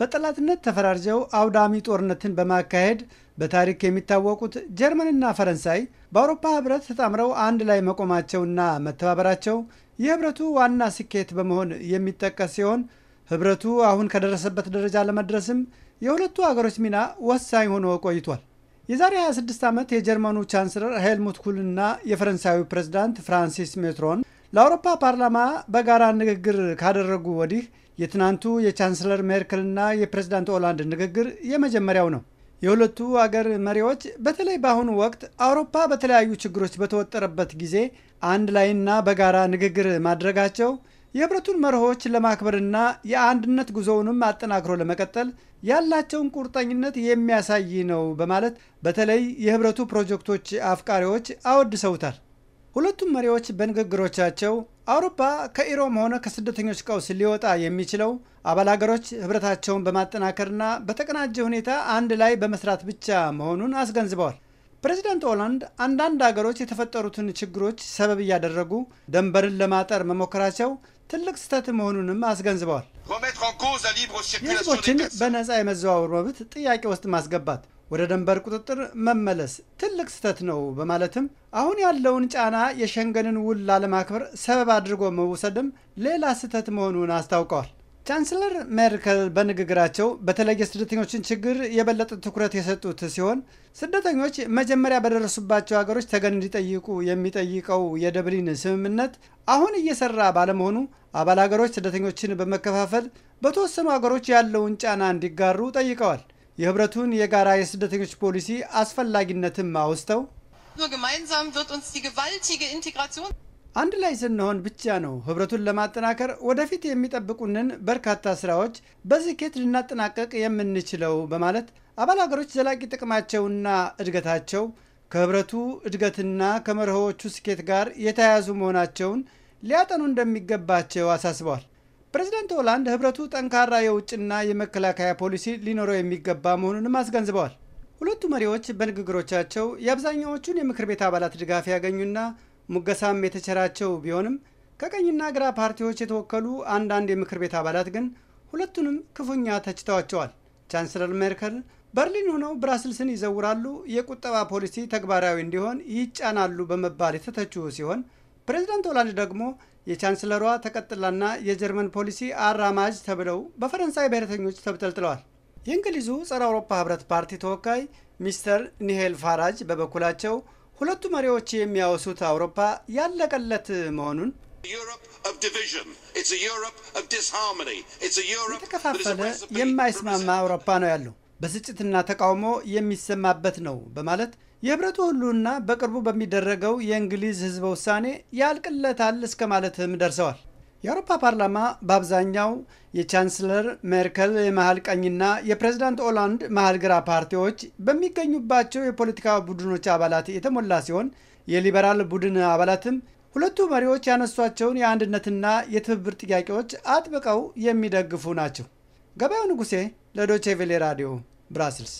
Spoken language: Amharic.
በጠላትነት ተፈራርጀው አውዳሚ ጦርነትን በማካሄድ በታሪክ የሚታወቁት ጀርመንና ፈረንሳይ በአውሮፓ ህብረት ተጣምረው አንድ ላይ መቆማቸውና መተባበራቸው የህብረቱ ዋና ስኬት በመሆን የሚጠቀስ ሲሆን ህብረቱ አሁን ከደረሰበት ደረጃ ለመድረስም የሁለቱ አገሮች ሚና ወሳኝ ሆኖ ቆይቷል። የዛሬ 26 ዓመት የጀርመኑ ቻንስለር ሄልሙት ኩልና የፈረንሳዩ ፕሬዝዳንት ፍራንሲስ ሜትሮን ለአውሮፓ ፓርላማ በጋራ ንግግር ካደረጉ ወዲህ የትናንቱ የቻንስለር ሜርክልና የፕሬዝዳንት ኦላንድ ንግግር የመጀመሪያው ነው። የሁለቱ አገር መሪዎች በተለይ በአሁኑ ወቅት አውሮፓ በተለያዩ ችግሮች በተወጠረበት ጊዜ አንድ ላይና በጋራ ንግግር ማድረጋቸው የህብረቱን መርሆች ለማክበርና የአንድነት ጉዞውንም አጠናክሮ ለመቀጠል ያላቸውን ቁርጠኝነት የሚያሳይ ነው በማለት በተለይ የህብረቱ ፕሮጀክቶች አፍቃሪዎች አወድሰውታል። ሁለቱም መሪዎች በንግግሮቻቸው አውሮፓ ከኢሮም ሆነ ከስደተኞች ቀውስ ሊወጣ የሚችለው አባል አገሮች ህብረታቸውን በማጠናከርና በተቀናጀ ሁኔታ አንድ ላይ በመስራት ብቻ መሆኑን አስገንዝበዋል። ፕሬዚደንት ኦላንድ አንዳንድ አገሮች የተፈጠሩትን ችግሮች ሰበብ እያደረጉ ደንበርን ለማጠር መሞከራቸው ትልቅ ስህተት መሆኑንም አስገንዝበዋል። የህዝቦችን በነፃ የመዘዋወር መብት ጥያቄ ውስጥ ማስገባት ወደ ደንበር ቁጥጥር መመለስ ትልቅ ስህተት ነው በማለትም አሁን ያለውን ጫና የሸንገንን ውል ላለማክበር ሰበብ አድርጎ መውሰድም ሌላ ስህተት መሆኑን አስታውቀዋል። ቻንስለር ሜርከል በንግግራቸው በተለይ የስደተኞችን ችግር የበለጠ ትኩረት የሰጡት ሲሆን ስደተኞች መጀመሪያ በደረሱባቸው ሀገሮች ተገን እንዲጠይቁ የሚጠይቀው የደብሊን ስምምነት አሁን እየሰራ ባለመሆኑ አባል ሀገሮች ስደተኞችን በመከፋፈል በተወሰኑ ሀገሮች ያለውን ጫና እንዲጋሩ ጠይቀዋል። የህብረቱን የጋራ የስደተኞች ፖሊሲ አስፈላጊነትም አውስተው አንድ ላይ ስንሆን ብቻ ነው ህብረቱን ለማጠናከር ወደፊት የሚጠብቁንን በርካታ ስራዎች በስኬት ልናጠናቀቅ የምንችለው በማለት አባል ሀገሮች ዘላቂ ጥቅማቸውና እድገታቸው ከህብረቱ እድገትና ከመርሆዎቹ ስኬት ጋር የተያያዙ መሆናቸውን ሊያጠኑ እንደሚገባቸው አሳስበዋል። ፕሬዚዳንት ሆላንድ ህብረቱ ጠንካራ የውጭና የመከላከያ ፖሊሲ ሊኖረው የሚገባ መሆኑንም አስገንዝበዋል። ሁለቱ መሪዎች በንግግሮቻቸው የአብዛኛዎቹን የምክር ቤት አባላት ድጋፍ ያገኙና ሙገሳም የተቸራቸው ቢሆንም ከቀኝና ግራ ፓርቲዎች የተወከሉ አንዳንድ የምክር ቤት አባላት ግን ሁለቱንም ክፉኛ ተችተዋቸዋል። ቻንስለር ሜርከል በርሊን ሆነው ብራስልስን ይዘውራሉ፣ የቁጠባ ፖሊሲ ተግባራዊ እንዲሆን ይጫናሉ በመባል የተተቹ ሲሆን ፕሬዚዳንት ሆላንድ ደግሞ የቻንስለሯ ተቀጥላና የጀርመን ፖሊሲ አራማጅ ተብለው በፈረንሳይ ብሔረተኞች ተብጠልጥለዋል። የእንግሊዙ ጸረ አውሮፓ ህብረት ፓርቲ ተወካይ ሚስተር ኒሄል ፋራጅ በበኩላቸው ሁለቱ መሪዎች የሚያወሱት አውሮፓ ያለቀለት መሆኑን የተከፋፈለ የማይስማማ አውሮፓ ነው ያለው ብስጭትና ተቃውሞ የሚሰማበት ነው በማለት የህብረቱ ሁሉና በቅርቡ በሚደረገው የእንግሊዝ ህዝበ ውሳኔ ያልቅለታል እስከ ማለትም ደርሰዋል። የአውሮፓ ፓርላማ በአብዛኛው የቻንስለር ሜርከል የመሀል ቀኝና የፕሬዝዳንት ኦላንድ መሀል ግራ ፓርቲዎች በሚገኙባቸው የፖለቲካ ቡድኖች አባላት የተሞላ ሲሆን የሊበራል ቡድን አባላትም ሁለቱ መሪዎች ያነሷቸውን የአንድነትና የትብብር ጥያቄዎች አጥብቀው የሚደግፉ ናቸው። Gabaa Nugusee, eh? Ladochee Veelee Raadiyoo, Biraasils.